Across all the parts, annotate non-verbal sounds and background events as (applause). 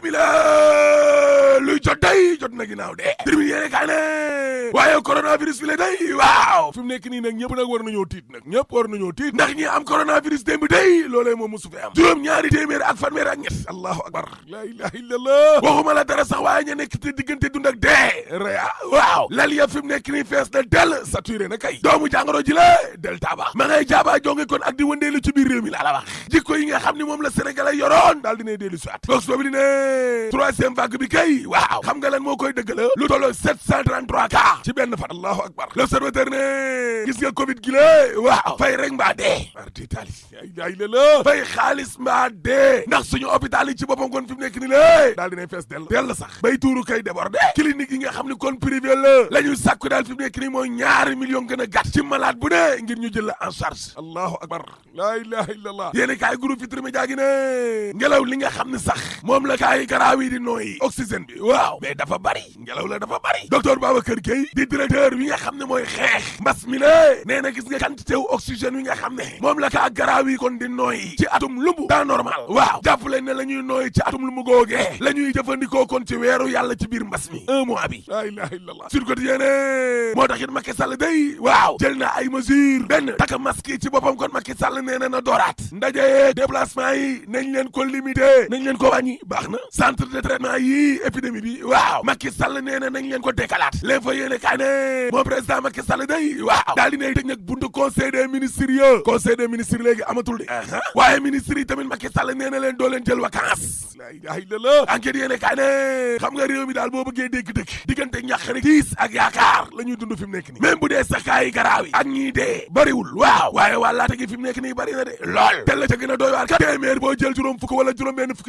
similaire koy jot day jot na ginnaaw de tribune yéene kaay ne waaye coronavirus bi la day waaw fi mu nag ñëpp nag war nañoo nag ñëpp war nañoo tiit ndax ñi am coronavirus démb day loolee moom mosu fi am juróom ñaari téeméer ak fanweer ak ñett allahu akbar la ilaha illallah waxuma la dara sax waaye ña nekk dee raya waaw lal ya fi mu nekk del saturé na kay doomu jàngoro ji la delta ba ma di wëndeelu ci biir réew mi jikko yi nga ni moom la sénégalais waaw xam nga lan moo koy dëgg la ah? lu tolloo 733 cas ci benn fan allahu akbar l'observateur ne gis nga covid gi lée waaw fay rek mbaa dee war di tali ay daay la la fay xaalis mbaa dee ndax suñu hôpital yi ci boppam kon fi mu nekk ni lée daal dell dell sax bay tuuru kay débordé clinique yi nga xam ni kon privé la la ñuy sàkku daal fi mu nekk ni mooy ñaari million gën a ci malade bu ne ngir ñu jël la en charge allahu akbar laa ilaha illa allah yéeni kaay ngelaw li nga xam ne sax moom la kaay garaaw yi di nooyi oxygène bi waaw mais dafa bari ngelaw la dafa bari docteur Babacar Gueye di directeur wi nga xam ne mooy xeex mbas mi la nee na gis nga quantité wu oxygène wi nga xam ne moom la kaa garaaw yi kon di nooyi ci atum lumbu daa normal waaw jàppale ne la ñuy nooyi ci atum lumbu googee la ñuy kon ci weeru yàlla ci biir mbas mi un mois bi la ilaha illallah sur quotidien moo tax it Macky Sall day waaw jël na ay mesures benn takk masque yi ci boppam kon Macky Sall nee na na dooraat ndaje yeeg déplacement yi nañ ko limité nañ leen ko bi waaw Macky Sall nee na nañ leen ko dekkalaat leen fa yéene kaa moo président Macky Sall day waaw daal dinay tëj buntu conseil des ministres yo conseil des ministres léegi amatul de uh-huh. waaye ministres yi tamit Macky Sall nee leen doo leen jël vacances ay la la enquête yéene kaay ne mu nekk ni même bu dee sax kaay ñii mu nekk nii bari a doy waar kat téeméer boo jël juróom fukk wala juróom benn fukk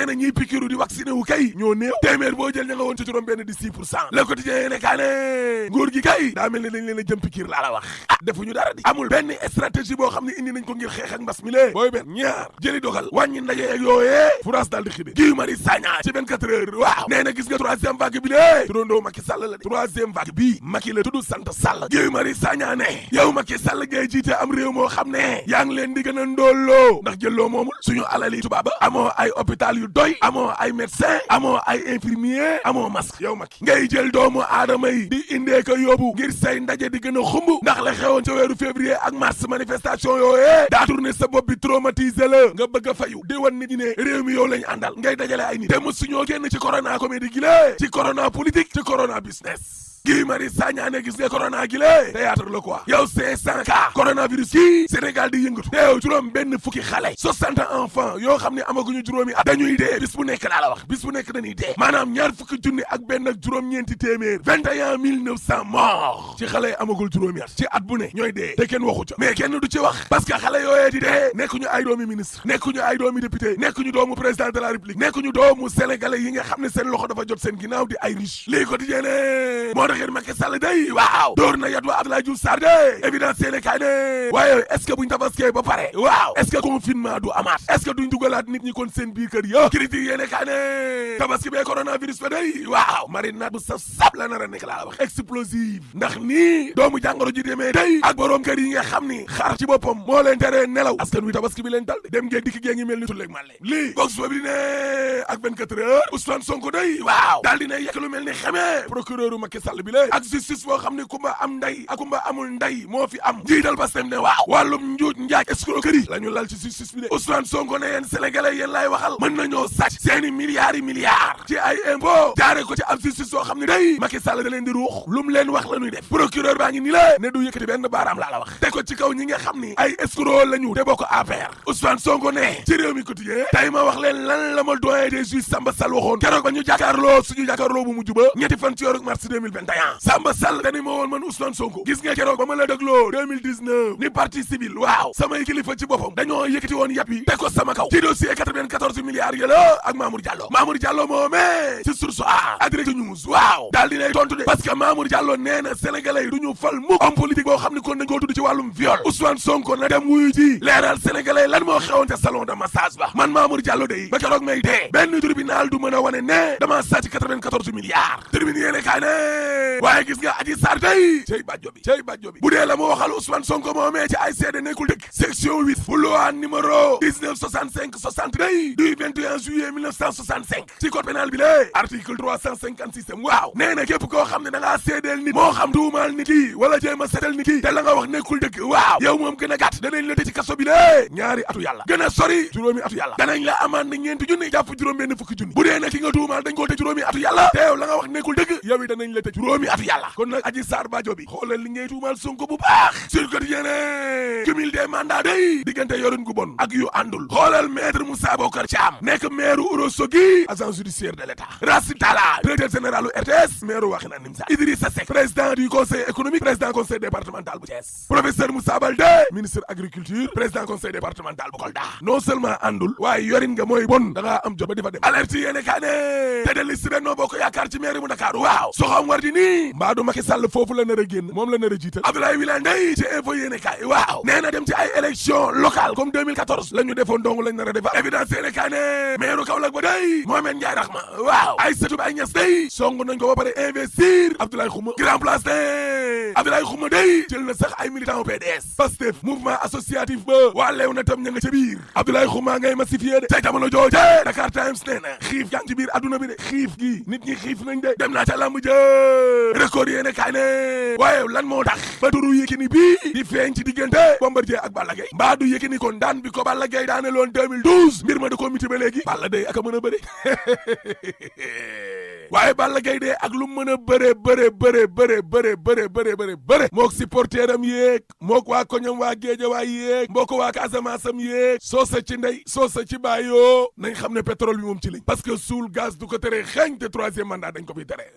na ñiy pikiru di vacciné kay ñoo néew téeméer boo jël ña nga ci juróom benn di 6 pour cent le quotidien yéene nguur gi kay daa mel ne leen a jëm pikiir laa la wax ah, defuñu dara di amul benn stratégie boo xam ne indi nañ ko ngir xeex ak mbas mi lee booy benn ñaar jëli dogal wàññi ndaje ak yooyee France daal di xibe Guy Marius Sagna ci 24 heures waaw nee na gis nga troisième vague bi lee turandoo Macky Sall la de troisième vague bii Macky la tudd sant Sall yu Marius Sagna ne yow Macky Sall ngay jiite am réew moo xam ne yaa ngi leen di gën a ndóolloo ndax jëlloo moomul yi tubaaba amoo ay hôpital yu yi indee ko yóbbu ngir say ndaje di gën a xumb ndax la xewoon ca weeru février ak mars yo yooyee daa tourné sa bopp bi traumatisé la nga bëgg a fayu di wan nit ñi ne réew mi yow lañ àndal ngay dajale ay nit te mosuñoo génn ci corona comédie gi ci corona politique ci corona business Guy Marius Sagna ne gis nga corona gi lée théâtre la quoi yow cinq cent cas coronavirus kii Sénégal di yëngatu te yow juróom benn fukki xale soixante enfants yoo xam ne amaguñu juróomi at dañuy dee bis bu nekk laa la wax bis bu nekk dañuy dee maanaam ñaar fukki junni ak benn ak juróom-ñeenti téeméer mille neuf cent morts ci xale amagul juróomi at ci at bu ne ñooy dee te kenn waxu ca mais kenn du ci wax parce que xale yooyee di dee nekkuñu ay doomi ministre xam ne seen loxo dafa jot seen ginnaaw di ay taxir Macky Sall day waaw dóor na yat wa Abdoulaye Diouf Sarr de évidence yéene kaay ne waaye est-ce que buñ tabaskee ba pare waaw est-ce que confinement du amaat est-ce que duñ dugalaat nit ñi kon seen biir kër ya critique yéene kaay ne tabaski bee coronavirus ba day waaw mari naat bu saf sab la nar a nekk laa wax explosive ndax nii doomu jàngoro ji demee day ak boroom kër yi nga xam ni xar ci boppam moo leen nelaw askan wi tabaski bi leen dal dem ngeen dikk gee ngi mel Sall ak justice boo xam ne kumba am nday ak kumba amul nday moo fi am njiital Pastef ne waaw wàllum njuuj njaaj escroquerie la ñu lal ci justice bi de Ousmane ne yéen sénégalais yéen laay waxal mën nañoo sàcc seeni milliards yi milliards ci ay impôt jaare ko ci am justice boo xam ne day Macky Sall da leen di ruux lu mu leen wax la def procureur baa ngi ni la ne du yëkkati benn baaraam laa la wax te ko ci kaw ñi nga xam ni ay escroc lañu te bokk APR 2021 Samba Sall te ni ma woon man Sonko gis nga keroog ba ma la dégloo 2019 ni partie civile waaw samay kilifa ci boppam dañoo yëkkati woon yàpp yi ko sama kaw ci dossier 94 milliards yi la ak Mamour Diallo Mamour Diallo moomee ci source ak direct news waaw daal lay tontu de parce que Mamour nee na sénégalais yi ñu fal mukk homme politique boo xam ne kon dañ koo tudd ci wàllum viol Ousmane Sonko na dem wuyu ji leeral sénégalais lan moo xewoon ca salon de massage waaye gis nga Adji Sarr tey cey bàjjo bi cey bàjjo bi bu la mu waxal Ousmane Sonko moomee ci ay seede nekkul dëkk section 8 bu loi numéro 19 65 60 day du 21 juillet 1965 ci code pénal bi lée article 356 waaw nee na képp koo xam ne da ngaa seedeel nit moo xam tuumaal nit ki wala jéem a nit ki te la nga wax nekkul dëkk waaw yow moom gën a gàtt danañ la tëj ci kaso bi lée ñaari atu yàlla gën a sori juróomi atu yàlla danañ la amande ñeenti junni jàpp juróom benn fukki junni bu dee na ki nga tuumaal dañ koo tëj juróomi atu yàlla te la nga wax nekkul dëgg yow it danañ la tëj juróomi at yàlla kon nag aji saar baajo bi xoolal li ngay tuumal Sonko bu baax sur quotidien ne cumul des mandats day diggante yorin gu bon ak yu àndul xoolal maître Moussa Bokar Thiam nekk maire Ourossogui agent judiciaire de l'État Racine Talla directeur général RTS maire Waxina Nimza Idrissa Seck président du conseil économique président conseil départemental bu Thiès professeur Moussa Baldé ministre agriculture président conseil départemental bu Kolda non seulement àndul waaye yorin nga nii mbaa du Macky Sall foofu la nar a génn moom la nar a jiital Abdoulaye Wilane day ci info yéene kaay waaw nee na dem ci ay élection locale comme 2014 la ñu defoon dong lañ nar a defar évidence yéene kaay ne meeru Kaolack ba day Mohamed Ndiaye Rahma waaw ay sëtu ay ñes day song nañ ko ba pare investir Abdoulaye Khouma grand place ne Abdoulaye Khouma day jël na sax ay militant PDS Pastef mouvement associatif ba waa leew na tam ña nga ca biir Abdoulaye Khouma record yéene kaay ne waaye lan moo tax ba turu Yékini bii di feeñ ci diggante Bombardier ak Balla Gaye mbaa du Yékini kon daan bi ko Balla Gaye daane loon 2012 mbir ma da koo miti ba léegi Balla day ak a mën a bëri (laughs) waaye Balla Gaye de ak lu mën a bëree bëree bëree bëree bëree bëree bëree bëree bëree mook supporter am yéeg mook waa koñam waa géejawaay yéeg mbokk waa Casamance am yéeg soo sa ci ndey soo sa ci bàyyoo nañ xam ne pétrole bi moom ci lañ parce que suul gaz du ko tere xeeñ te troisième mandat dañ ko fi tere